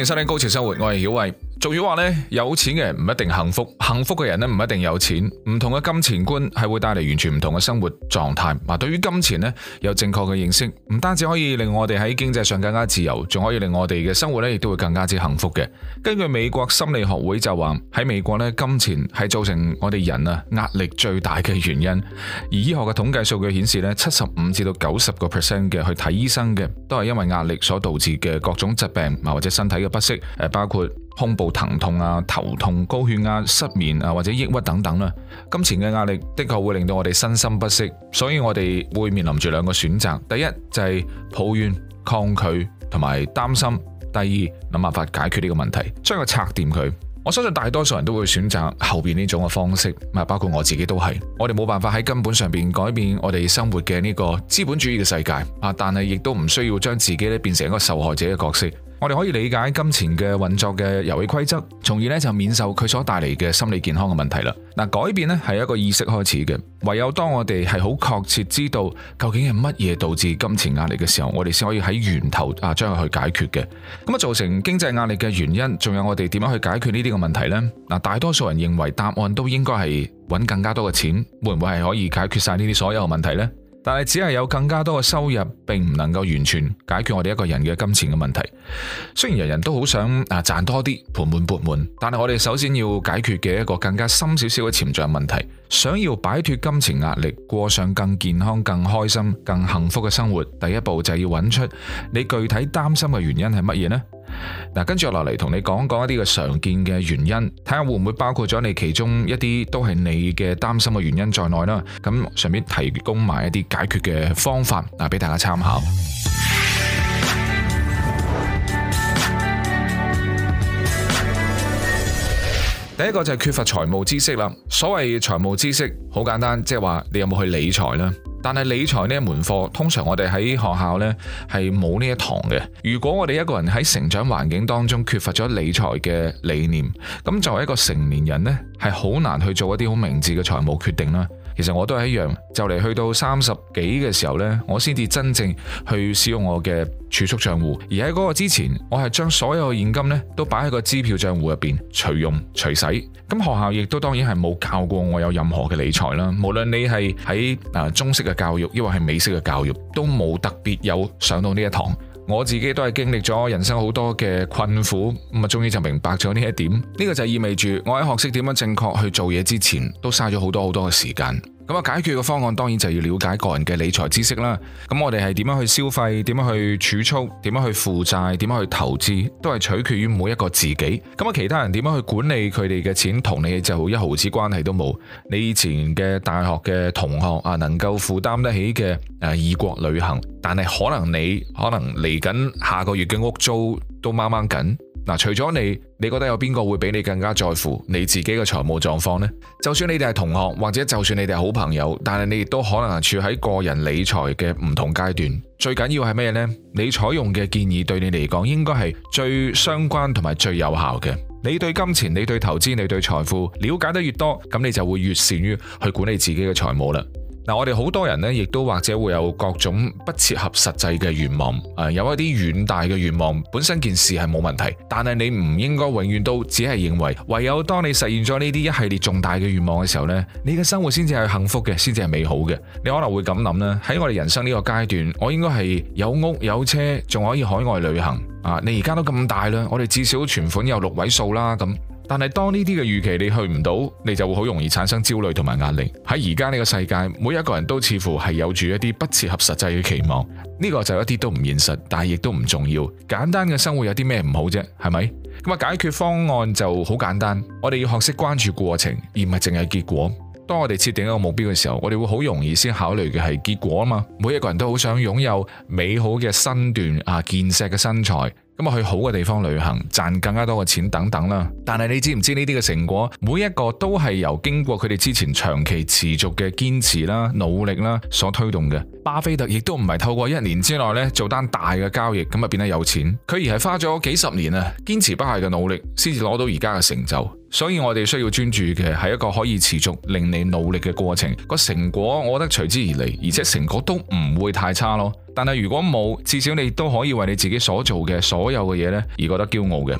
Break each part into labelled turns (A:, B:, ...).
A: 今日收聽高潮生活，我係曉偉。俗語話呢，有錢嘅人唔一定幸福，幸福嘅人呢唔一定有錢。唔同嘅金錢觀係會帶嚟完全唔同嘅生活狀態。嗱，對於金錢呢，有正確嘅認識，唔單止可以令我哋喺經濟上更加自由，仲可以令我哋嘅生活呢亦都會更加之幸福嘅。根據美國心理學會就話喺美國呢，金錢係造成我哋人啊壓力最大嘅原因。而醫學嘅統計數據顯示呢，七十五至到九十個 percent 嘅去睇醫生嘅，都係因為壓力所導致嘅各種疾病，或者身體嘅不適，包括。胸部疼痛啊、頭痛、高血壓、失眠啊或者抑鬱等等啦，金錢嘅壓力的確會令到我哋身心不適，所以我哋會面臨住兩個選擇：第一就係抱怨、抗拒同埋擔心；第二諗辦法解決呢個問題，將佢拆掂佢。我相信大多數人都會選擇後邊呢種嘅方式，啊包括我自己都係。我哋冇辦法喺根本上邊改變我哋生活嘅呢個資本主義嘅世界啊，但係亦都唔需要將自己咧變成一個受害者嘅角色。我哋可以理解金錢嘅運作嘅遊戲規則，從而咧就免受佢所帶嚟嘅心理健康嘅問題啦。嗱，改變呢係一個意識開始嘅，唯有當我哋係好確切知道究竟係乜嘢導致金錢壓力嘅時候，我哋先可以喺源頭啊將佢去解決嘅。咁啊，造成經濟壓力嘅原因，仲有我哋點樣去解決呢啲嘅問題呢？嗱，大多數人認為答案都應該係揾更加多嘅錢，會唔會係可以解決晒呢啲所有嘅問題呢？但係只係有更加多嘅收入，並唔能夠完全解決我哋一個人嘅金錢嘅問題。雖然人人都好想啊賺多啲，盆滿缽滿，但係我哋首先要解決嘅一個更加深少少嘅潛在問題。想要擺脫金錢壓力，過上更健康、更開心、更幸福嘅生活，第一步就係要揾出你具體擔心嘅原因係乜嘢呢？嗱，跟住落嚟同你講講一啲嘅常見嘅原因，睇下會唔會包括咗你其中一啲都係你嘅擔心嘅原因在內啦。咁上面提供埋一啲解決嘅方法，啊，俾大家參考。第一個就係缺乏財務知識啦。所謂財務知識，好簡單，即係話你有冇去理財啦。但係理財呢一門課，通常我哋喺學校呢係冇呢一堂嘅。如果我哋一個人喺成長環境當中缺乏咗理財嘅理念，咁作為一個成年人呢，係好難去做一啲好明智嘅財務決定啦。其實我都係一樣，就嚟去到三十幾嘅時候呢，我先至真正去使用我嘅儲蓄賬戶。而喺嗰個之前，我係將所有現金呢都擺喺個支票賬戶入邊，隨用隨洗。咁學校亦都當然係冇教過我有任何嘅理財啦。無論你係喺誒中式嘅教育，抑或係美式嘅教育，都冇特別有上到呢一堂。我自己都係經歷咗人生好多嘅困苦，咁啊，終於就明白咗呢一點。呢個就意味住我喺學識點樣正確去做嘢之前，都嘥咗好多好多嘅時間。咁啊，解決嘅方案當然就要了解個人嘅理財知識啦。咁我哋係點樣去消費？點樣去儲蓄？點樣去負債？點樣去投資？都係取決於每一個自己。咁啊，其他人點樣去管理佢哋嘅錢，同你就一毫子關係都冇。你以前嘅大學嘅同學啊，能夠負擔得起嘅誒異國旅行，但係可能你可能嚟緊下，下個月嘅屋租都掹掹緊。嗱，除咗你，你覺得有邊個會比你更加在乎你自己嘅財務狀況呢？就算你哋係同學，或者就算你哋係好朋友，但係你亦都可能處喺個人理財嘅唔同階段。最緊要係咩呢？你採用嘅建議對你嚟講，應該係最相關同埋最有效嘅。你對金錢、你對投資、你對財富了解得越多，咁你就會越善於去管理自己嘅財務啦。嗱，我哋好多人呢，亦都或者會有各種不切合實際嘅願望，誒、呃，有一啲遠大嘅願望，本身件事係冇問題，但係你唔應該永遠都只係認為，唯有當你實現咗呢啲一系列重大嘅願望嘅時候呢，你嘅生活先至係幸福嘅，先至係美好嘅，你可能會咁諗啦，喺我哋人生呢個階段，我應該係有屋有車，仲可以海外旅行，啊，你而家都咁大啦，我哋至少存款有六位數啦，咁。但係當呢啲嘅預期你去唔到，你就會好容易產生焦慮同埋壓力。喺而家呢個世界，每一個人都似乎係有住一啲不切合實際嘅期望，呢個就一啲都唔現實，但係亦都唔重要。簡單嘅生活有啲咩唔好啫？係咪？咁啊，解決方案就好簡單，我哋要學識關注過程，而唔係淨係結果。當我哋設定一個目標嘅時候，我哋會好容易先考慮嘅係結果啊嘛。每一個人都好想擁有美好嘅身段啊，健碩嘅身材。咁啊去好嘅地方旅行，賺更加多嘅錢等等啦。但係你知唔知呢啲嘅成果，每一個都係由經過佢哋之前長期持續嘅堅持啦、努力啦所推動嘅。巴菲特亦都唔係透過一年之內咧做單大嘅交易，咁啊變得有錢。佢而係花咗幾十年啊，堅持不懈嘅努力，先至攞到而家嘅成就。所以我哋需要專注嘅係一個可以持續令你努力嘅過程，個成果我覺得隨之而嚟，而且成果都唔會太差咯。但係如果冇，至少你都可以為你自己所做嘅所有嘅嘢呢而覺得驕傲嘅。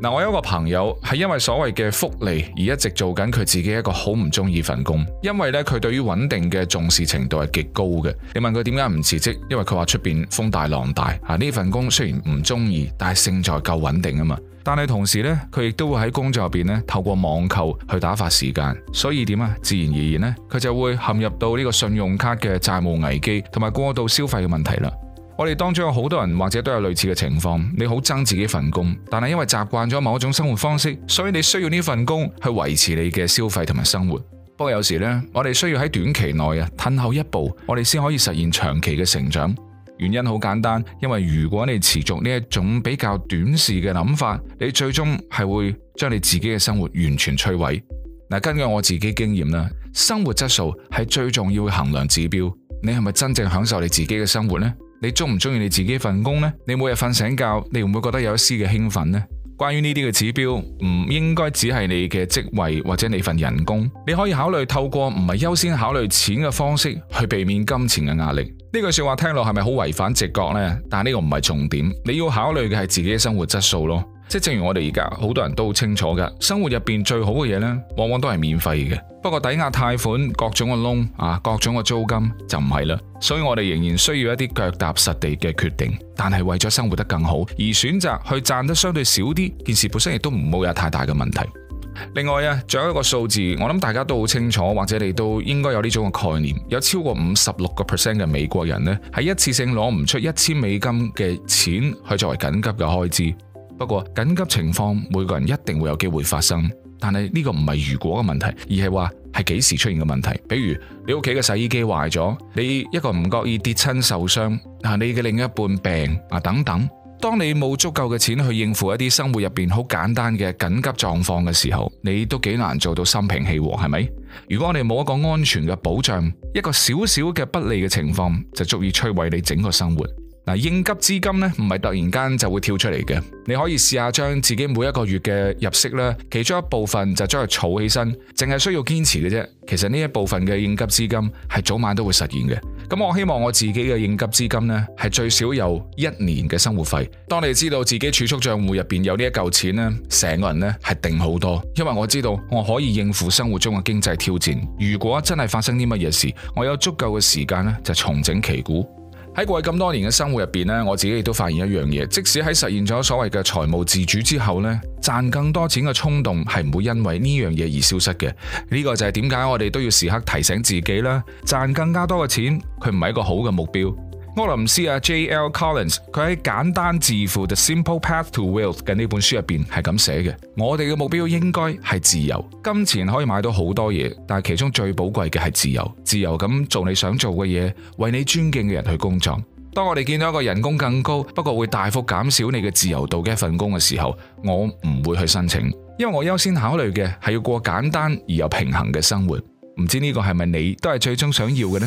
A: 嗱、嗯，我有一個朋友係因為所謂嘅福利而一直做緊佢自己一個好唔中意份工，因為呢，佢對於穩定嘅重視程度係極高嘅。你問佢點解唔辭職，因為佢話出邊風大浪大啊，呢份工雖然唔中意，但係勝在夠穩定啊嘛。但係同時咧，佢亦都會喺工作入邊咧透過網購去打發時間，所以點啊？自然而然呢，佢就會陷入到呢個信用卡嘅債務危機同埋過度消費嘅問題啦。我哋當中有好多人或者都有類似嘅情況，你好憎自己份工，但係因為習慣咗某一種生活方式，所以你需要呢份工去維持你嘅消費同埋生活。不過有時呢，我哋需要喺短期內啊褪後一步，我哋先可以實現長期嘅成長。原因好簡單，因為如果你持續呢一種比較短視嘅諗法，你最終係會將你自己嘅生活完全摧毀。嗱，根據我自己經驗啦，生活質素係最重要嘅衡量指標。你係咪真正享受你自己嘅生活呢？你中唔中意你自己份工呢？你每日瞓醒覺，你會唔會覺得有一絲嘅興奮呢？關於呢啲嘅指標唔應該只係你嘅職位或者你份人工，你可以考慮透過唔係優先考慮錢嘅方式去避免金錢嘅壓力。呢句說話聽落係咪好違反直覺呢？但係呢個唔係重點，你要考慮嘅係自己嘅生活質素咯。即正如我哋而家好多人都好清楚噶，生活入邊最好嘅嘢呢，往往都係免費嘅。不過抵押貸款、各種嘅窿啊、各種嘅租金就唔係啦。所以我哋仍然需要一啲腳踏實地嘅決定。但係為咗生活得更好而選擇去賺得相對少啲，件事本身亦都唔會有太大嘅問題。另外啊，仲有一個數字，我諗大家都好清楚，或者你都應該有呢種嘅概念，有超過五十六個 percent 嘅美國人呢，係一次性攞唔出一千美金嘅錢去作為緊急嘅開支。不過緊急情況，每個人一定會有機會發生，但係呢個唔係如果嘅問題，而係話係幾時出現嘅問題。比如你屋企嘅洗衣機壞咗，你一個唔覺意跌親受傷，啊你嘅另一半病啊等等，當你冇足夠嘅錢去應付一啲生活入邊好簡單嘅緊急狀況嘅時候，你都幾難做到心平氣和，係咪？如果你冇一個安全嘅保障，一個小小嘅不利嘅情況就足以摧毀你整個生活。嗱，應急資金咧唔係突然間就會跳出嚟嘅，你可以試下將自己每一個月嘅入息咧，其中一部分就將佢儲起身，淨係需要堅持嘅啫。其實呢一部分嘅應急資金係早晚都會實現嘅。咁我希望我自己嘅應急資金咧係最少有一年嘅生活費。當你知道自己儲蓄帳戶入邊有呢一嚿錢咧，成個人咧係定好多，因為我知道我可以應付生活中嘅經濟挑戰。如果真係發生啲乜嘢事，我有足夠嘅時間咧就重整旗鼓。喺過去咁多年嘅生活入邊咧，我自己亦都發現一樣嘢，即使喺實現咗所謂嘅財務自主之後咧，賺更多錢嘅衝動係唔會因為呢樣嘢而消失嘅。呢個就係點解我哋都要時刻提醒自己啦，賺更加多嘅錢，佢唔係一個好嘅目標。柯林斯啊，J. L. Collins，佢喺《簡單致富：The Simple Path to Wealth》嘅呢本書入邊係咁寫嘅：「我哋嘅目標應該係自由，金錢可以買到好多嘢，但係其中最寶貴嘅係自由，自由咁做你想做嘅嘢，為你尊敬嘅人去工作。當我哋見到一個人工更高，不過會大幅減少你嘅自由度嘅一份工嘅時候，我唔會去申請，因為我優先考慮嘅係要過簡單而又平衡嘅生活。唔知呢個係咪你都係最終想要嘅呢？」。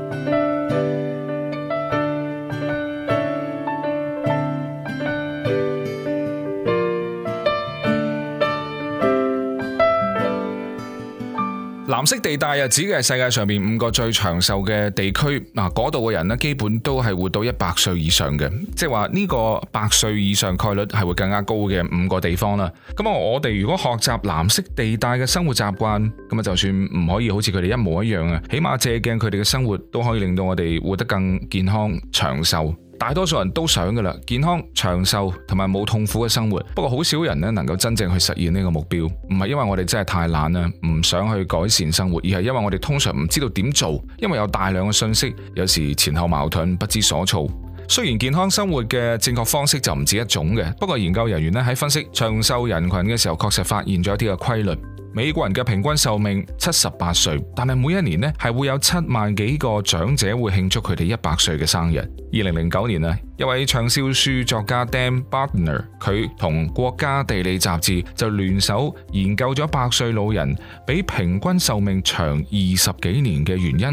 A: 藍色地帶又指嘅係世界上面五個最長壽嘅地區，嗱，嗰度嘅人呢，基本都係活到一百歲以上嘅，即係話呢個百歲以上概率係會更加高嘅五個地方啦。咁啊，我哋如果學習藍色地帶嘅生活習慣，咁啊，就算唔可以好似佢哋一模一樣啊，起碼借鏡佢哋嘅生活，都可以令到我哋活得更健康長壽。大多數人都想噶啦，健康長壽同埋冇痛苦嘅生活。不過好少人呢，能夠真正去實現呢個目標，唔係因為我哋真係太懶啦，唔想去改善生活，而係因為我哋通常唔知道點做，因為有大量嘅信息，有時前後矛盾，不知所措。雖然健康生活嘅正確方式就唔止一種嘅，不過研究人員呢，喺分析長壽人群嘅時候，確實發現咗一啲嘅規律。美國人嘅平均壽命七十八歲，但係每一年咧係會有七萬幾個長者會慶祝佢哋一百歲嘅生日。二零零九年啊，一位暢銷書作家，Dan Buettner，佢同國家地理雜誌就聯手研究咗百歲老人比平均壽命長二十幾年嘅原因。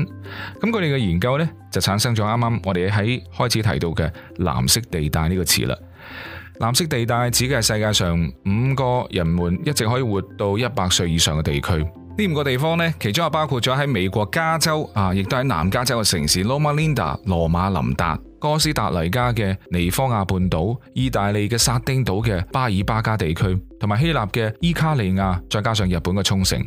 A: 咁佢哋嘅研究呢，就產生咗啱啱我哋喺開始提到嘅藍色地帶呢個詞啦。藍色地帶指嘅係世界上五個人們一直可以活到一百歲以上嘅地區。呢五個地方呢，其中又包括咗喺美國加州啊，亦都喺南加州嘅城市 Loma Linda、羅馬林達、哥斯達黎加嘅尼科亞半島、意大利嘅薩丁島嘅巴爾巴加地區，同埋希臘嘅伊卡利亞，再加上日本嘅沖繩。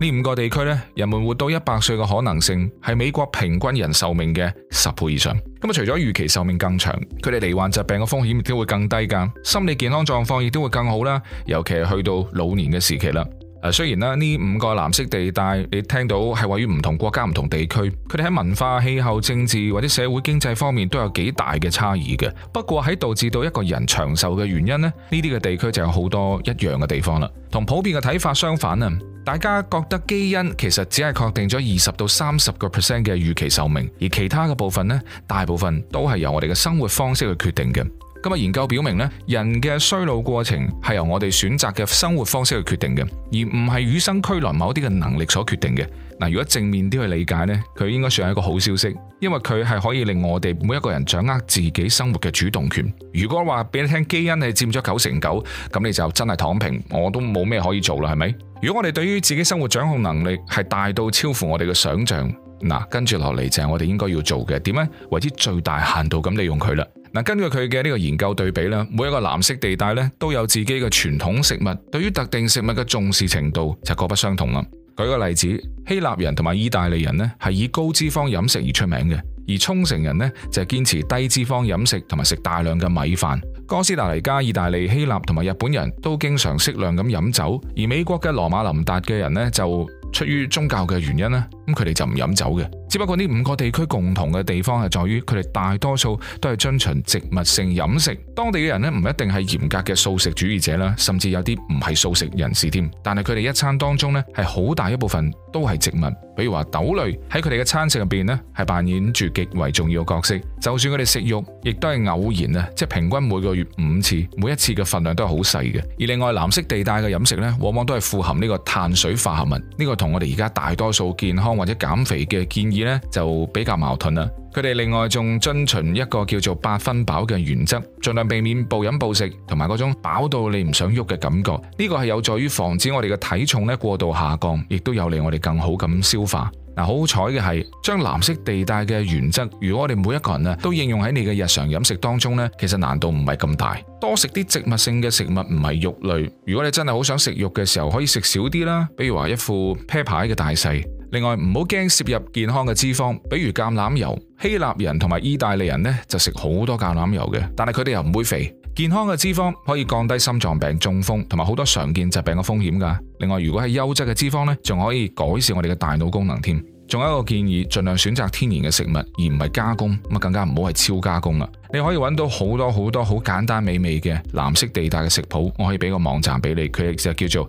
A: 呢五個地區咧，人們活到一百歲嘅可能性係美國平均人壽命嘅十倍以上。咁啊，除咗預期壽命更長，佢哋罹患疾病嘅風險亦都會更低㗎，心理健康狀況亦都會更好啦，尤其係去到老年嘅時期啦。誒，雖然咧呢五個藍色地帶，你聽到係位於唔同國家、唔同地區，佢哋喺文化、氣候、政治或者社會經濟方面都有幾大嘅差異嘅。不過喺導致到一個人長壽嘅原因呢，呢啲嘅地區就有好多一樣嘅地方啦。同普遍嘅睇法相反啊，大家覺得基因其實只係確定咗二十到三十個 percent 嘅預期壽命，而其他嘅部分呢，大部分都係由我哋嘅生活方式去決定嘅。今日研究表明咧，人嘅衰老過程係由我哋選擇嘅生活方式去決定嘅，而唔係與生俱來某啲嘅能力所決定嘅。嗱，如果正面啲去理解呢，佢應該算係一個好消息，因為佢係可以令我哋每一個人掌握自己生活嘅主動權。如果話俾你聽，基因係佔咗九成九，咁你就真係躺平，我都冇咩可以做啦，係咪？如果我哋對於自己生活掌控能力係大到超乎我哋嘅想象。嗱，跟住落嚟就係我哋應該要做嘅，點樣為之最大限度咁利用佢啦？嗱，根據佢嘅呢個研究對比呢，每一個藍色地帶呢都有自己嘅傳統食物，對於特定食物嘅重視程度就各不相同啦。舉個例子，希臘人同埋意大利人呢係以高脂肪飲食而出名嘅，而沖繩人呢就係堅持低脂肪飲食同埋食大量嘅米飯。哥斯達黎加、意大利、希臘同埋日本人都經常適量咁飲酒，而美國嘅羅馬林達嘅人呢就。出於宗教嘅原因呢，咁佢哋就唔飲酒嘅。只不過呢五個地區共同嘅地方係在於，佢哋大多數都係遵循植物性飲食。當地嘅人呢，唔一定係嚴格嘅素食主義者啦，甚至有啲唔係素食人士添。但係佢哋一餐當中呢，係好大一部分都係植物，比如話豆類喺佢哋嘅餐食入邊呢，係扮演住極為重要嘅角色。就算佢哋食肉，亦都係偶然啊，即係平均每個月五次，每一次嘅份量都係好細嘅。而另外藍色地帶嘅飲食呢，往往都係富含呢個碳水化合物呢個。同我哋而家大多數健康或者減肥嘅建議呢，就比較矛盾啦。佢哋另外仲遵循一個叫做八分飽嘅原則，盡量避免暴飲暴食，同埋嗰種飽到你唔想喐嘅感覺。呢個係有助於防止我哋嘅體重呢過度下降，亦都有利我哋更好咁消化。嗱，好彩嘅係，將藍色地帶嘅原則，如果我哋每一個人咧都應用喺你嘅日常飲食當中呢，其實難度唔係咁大。多食啲植物性嘅食物，唔係肉類。如果你真係好想食肉嘅時候，可以食少啲啦。比如話一副啤牌嘅大細。另外，唔好驚攝入健康嘅脂肪，比如橄欖油。希臘人同埋意大利人呢，就食好多橄欖油嘅，但係佢哋又唔會肥。健康嘅脂肪可以降低心臟病、中風同埋好多常見疾病嘅風險噶。另外，如果係優質嘅脂肪呢，仲可以改善我哋嘅大腦功能添。仲有一個建議，盡量選擇天然嘅食物，而唔係加工，咁啊更加唔好係超加工啦。你可以揾到好多好多好簡單美味嘅藍色地帶嘅食譜，我可以俾個網站俾你，佢就叫做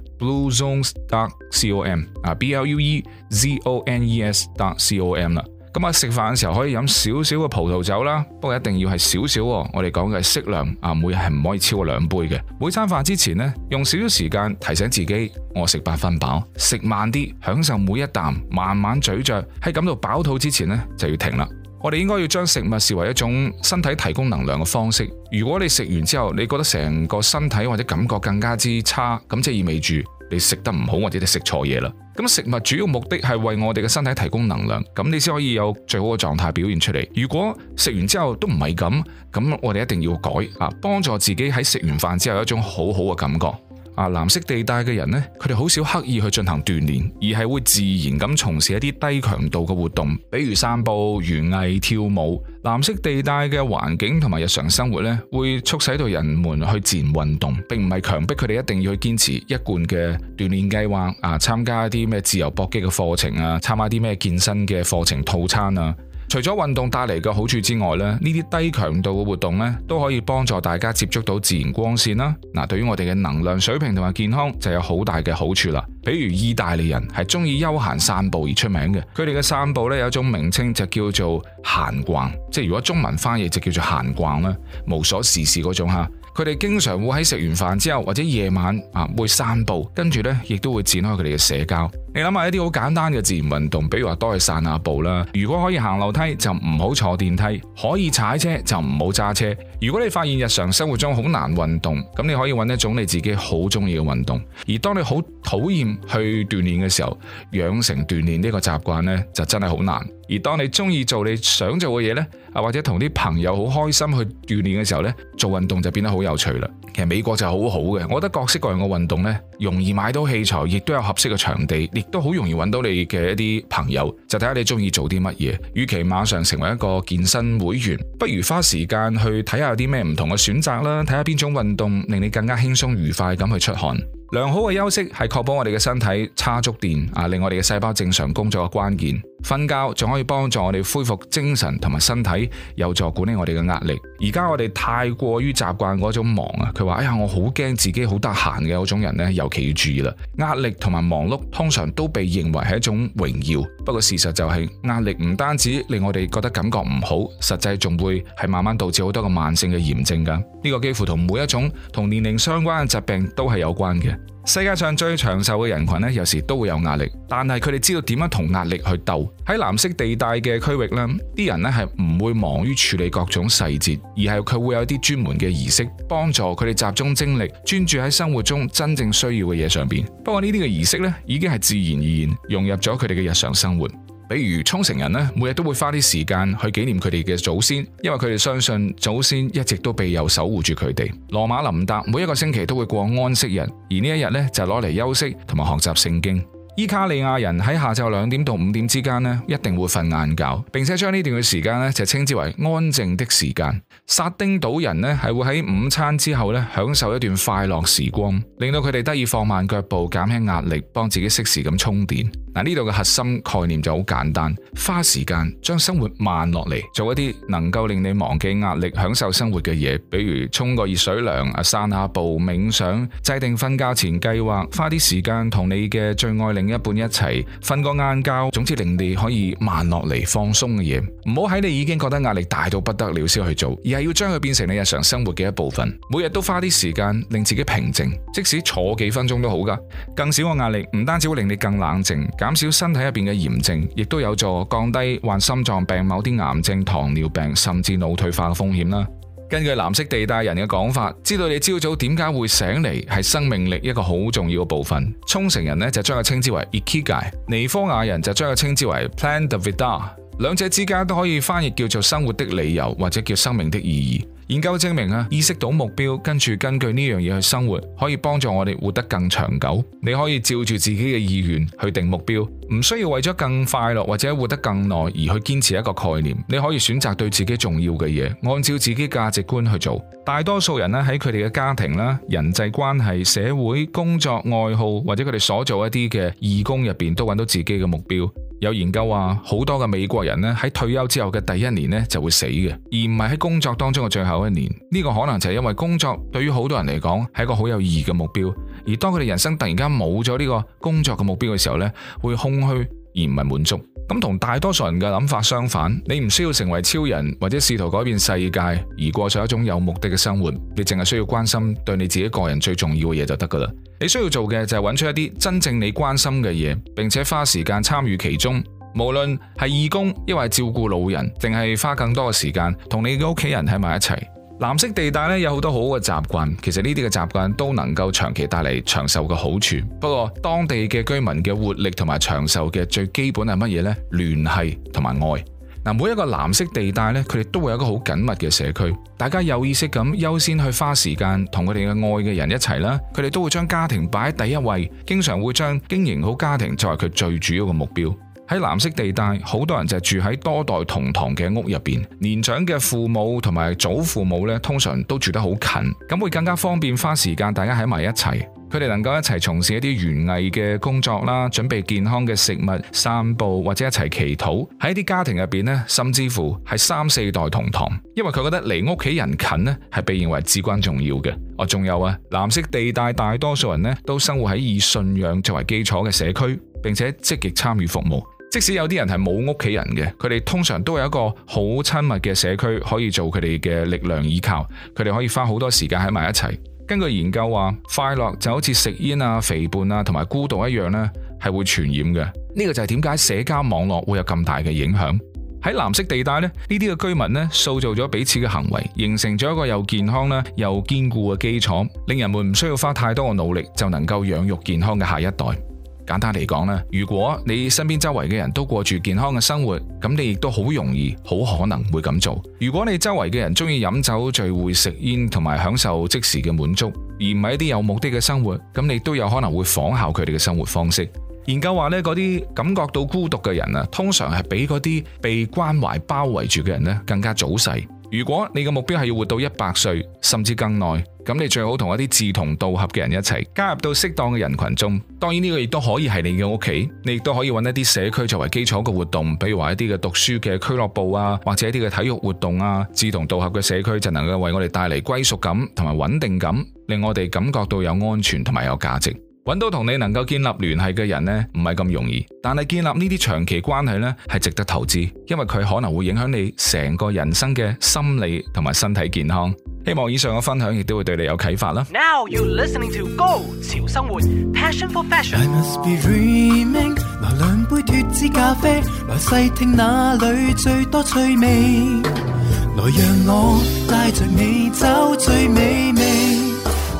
A: bluezones.com 啊，bluezones.com 啦。咁啊，食飯嘅時候可以飲少少嘅葡萄酒啦，不過一定要係少少，我哋講嘅係適量，啊，每日係唔可以超過兩杯嘅。每餐飯之前呢，用少少時間提醒自己，我食八分飽，食慢啲，享受每一啖，慢慢咀嚼，喺感到飽肚之前呢，就要停啦。我哋應該要將食物視為一種身體提供能量嘅方式。如果你食完之後，你覺得成個身體或者感覺更加之差，咁即係意味住，你食得唔好或者你食錯嘢啦，咁食物主要目的係為我哋嘅身體提供能量，咁你先可以有最好嘅狀態表現出嚟。如果食完之後都唔係咁，咁我哋一定要改啊，幫助自己喺食完飯之後有一種好好嘅感覺。啊！藍色地帶嘅人呢，佢哋好少刻意去進行鍛煉，而係會自然咁從事一啲低強度嘅活動，比如散步、園藝、跳舞。藍色地帶嘅環境同埋日常生活呢，會促使到人們去自然運動，並唔係強迫佢哋一定要去堅持一貫嘅鍛煉計劃。啊，參加一啲咩自由搏擊嘅課程啊，參加啲咩健身嘅課程套餐啊。除咗運動帶嚟嘅好處之外咧，呢啲低強度嘅活動咧都可以幫助大家接觸到自然光線啦。嗱，對於我哋嘅能量水平同埋健康就有好大嘅好處啦。比如意大利人係中意休閒散步而出名嘅，佢哋嘅散步咧有一種名稱就叫做閒逛，即係如果中文翻譯就叫做閒逛啦，無所事事嗰種嚇。佢哋經常會喺食完飯之後或者夜晚啊會散步，跟住咧亦都會展開佢哋嘅社交。你諗下一啲好簡單嘅自然運動，比如話多去散下步啦。如果可以行樓梯，就唔好坐電梯；可以踩車，就唔好揸車。如果你發現日常生活中好難運動，咁你可以揾一種你自己好中意嘅運動。而當你好討厭去鍛煉嘅時候，養成鍛煉呢個習慣呢，就真係好難。而當你中意做你想做嘅嘢呢，啊或者同啲朋友好開心去鍛煉嘅時候呢，做運動就變得好有趣啦。其實美國就好好嘅，我覺得各式各樣嘅運動呢，容易買到器材，亦都有合適嘅場地。亦都好容易揾到你嘅一啲朋友，就睇下你中意做啲乜嘢。與其馬上成為一個健身會員，不如花時間去睇下有啲咩唔同嘅選擇啦，睇下邊種運動令你更加輕鬆愉快咁去出汗。良好嘅休息係確保我哋嘅身體叉足電啊，令我哋嘅細胞正常工作嘅關鍵。瞓覺仲可以幫助我哋恢復精神同埋身體，有助管理我哋嘅壓力。而家我哋太過於習慣嗰種忙啊，佢話哎呀，我好驚自己好得閒嘅嗰種人呢，尤其要注意啦。壓力同埋忙碌通常都被認為係一種榮耀，不過事實就係壓力唔單止令我哋覺得感覺唔好，實際仲會係慢慢導致好多個慢性嘅炎症噶。呢個幾乎同每一種同年齡相關嘅疾病都係有關嘅。世界上最長壽嘅人群呢，有時都會有壓力，但係佢哋知道點樣同壓力去鬥。喺藍色地帶嘅區域呢，啲人呢係唔會忙於處理各種細節，而係佢會有啲專門嘅儀式，幫助佢哋集中精力，專注喺生活中真正需要嘅嘢上邊。不過呢啲嘅儀式呢，已經係自然而然融入咗佢哋嘅日常生活。比如沖繩人呢，每日都會花啲時間去紀念佢哋嘅祖先，因為佢哋相信祖先一直都庇佑守護住佢哋。羅馬林達每一個星期都會過安息日，而呢一日呢，就攞嚟休息同埋學習聖經。伊卡利亞人喺下晝兩點到五點之間呢，一定會瞓晏覺，並且將呢段嘅時間呢，就稱之為安靜的時間。薩丁島人呢，係會喺午餐之後呢，享受一段快樂時光，令到佢哋得以放慢腳步，減輕壓力，幫自己適時咁充電。嗱，呢度嘅核心概念就好簡單，花時間將生活慢落嚟，做一啲能夠令你忘記壓力、享受生活嘅嘢，比如沖個熱水涼、啊，散下步、冥想、制定瞓覺前計劃、花啲時間同你嘅最愛另一半一齊瞓個晏覺，總之令你可以慢落嚟放鬆嘅嘢。唔好喺你已經覺得壓力大到不得了先去做，而係要將佢變成你日常生活嘅一部分，每日都花啲時間令自己平靜，即使坐幾分鐘都好噶。更少嘅壓力唔單止會令你更冷靜。減少身體入邊嘅炎症，亦都有助降低患心臟病、某啲癌症、糖尿病，甚至腦退化嘅風險啦。根據藍色地帶人嘅講法，知道你朝早點解會醒嚟，係生命力一個好重要嘅部分。沖繩人呢，就將佢稱之為 ikigai，尼科亞人就將佢稱之為 plan de vida，兩者之間都可以翻譯叫做生活的理由，或者叫生命的意義。研究證明啊，意識到目標，跟住根據呢樣嘢去生活，可以幫助我哋活得更長久。你可以照住自己嘅意願去定目標，唔需要為咗更快樂或者活得更耐而去堅持一個概念。你可以選擇對自己重要嘅嘢，按照自己價值觀去做。大多數人咧，喺佢哋嘅家庭啦、人際關係、社會、工作、愛好或者佢哋所做一啲嘅義工入邊，都揾到自己嘅目標。有研究話，好多嘅美國人咧喺退休之後嘅第一年咧就會死嘅，而唔係喺工作當中嘅最後一年。呢個可能就係因為工作對於好多人嚟講係一個好有意義嘅目標，而當佢哋人生突然間冇咗呢個工作嘅目標嘅時候呢會空虛而唔係滿足。咁同大多數人嘅諗法相反，你唔需要成為超人或者試圖改變世界，而過上一種有目的嘅生活。你淨係需要關心對你自己個人最重要嘅嘢就得㗎喇。你需要做嘅就係搵出一啲真正你關心嘅嘢，並且花時間參與其中。無論係義工，亦或係照顧老人，淨係花更多嘅時間同你嘅屋企人喺埋一齊。藍色地帶咧有好多好嘅習慣，其實呢啲嘅習慣都能夠長期帶嚟長壽嘅好處。不過當地嘅居民嘅活力同埋長壽嘅最基本係乜嘢呢？聯繫同埋愛嗱。每一個藍色地帶咧，佢哋都會有一個好緊密嘅社區，大家有意識咁優先去花時間同佢哋嘅愛嘅人一齊啦。佢哋都會將家庭擺喺第一位，經常會將經營好家庭作為佢最主要嘅目標。喺藍色地帶，好多人就住喺多代同堂嘅屋入邊。年長嘅父母同埋祖父母呢，通常都住得好近，咁會更加方便花時間，大家喺埋一齊。佢哋能夠一齊從事一啲園藝嘅工作啦，準備健康嘅食物、散步或者一齊祈禱。喺啲家庭入邊呢，甚至乎係三四代同堂，因為佢覺得離屋企人近呢係被認為至關重要嘅。哦，仲有啊，藍色地帶大多數人呢都生活喺以信仰作為基礎嘅社區，並且積極參與服務。即使有啲人係冇屋企人嘅，佢哋通常都有一個好親密嘅社區可以做佢哋嘅力量依靠，佢哋可以花好多時間喺埋一齊。根據研究話，快樂就好似食煙啊、肥胖啊同埋孤獨一樣呢係會傳染嘅。呢個就係點解社交網絡會有咁大嘅影響。喺藍色地帶呢，呢啲嘅居民呢，塑造咗彼此嘅行為，形成咗一個又健康啦又堅固嘅基礎，令人們唔需要花太多嘅努力就能夠養育健康嘅下一代。簡單嚟講咧，如果你身邊周圍嘅人都過住健康嘅生活，咁你亦都好容易，好可能會咁做。如果你周圍嘅人中意飲酒、聚會、食煙同埋享受即時嘅滿足，而唔係一啲有目的嘅生活，咁你都有可能會仿效佢哋嘅生活方式。研究話呢，嗰啲感覺到孤獨嘅人啊，通常係比嗰啲被關懷包圍住嘅人呢更加早逝。如果你嘅目標係要活到一百歲，甚至更耐，咁你最好同一啲志同道合嘅人一齊加入到適當嘅人群中。當然呢個亦都可以係你嘅屋企，你亦都可以揾一啲社區作為基礎嘅活動，比如話一啲嘅讀書嘅俱樂部啊，或者一啲嘅體育活動啊。志同道合嘅社區就能夠為我哋帶嚟歸屬感同埋穩定感，令我哋感覺到有安全同埋有價值。搵到同你能夠建立聯繫嘅人呢，唔係咁容易，但係建立呢啲長期關係呢，係值得投資，因為佢可能會影響你成個人生嘅心理同埋身體健康。希望以上嘅分享亦都會對你有啟發啦。